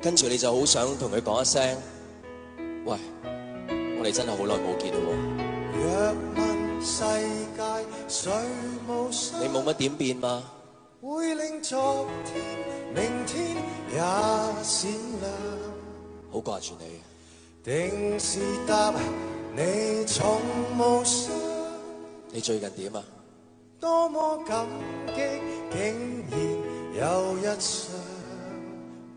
跟住你就好想同佢講一聲，喂，我哋真係好耐冇見到喎。若問世界誰無傷。你冇乜點變嘛？會令昨天明天也閃亮。好掛住你。定時答你從無傷。你最近點啊？多麼感激竟然有一生。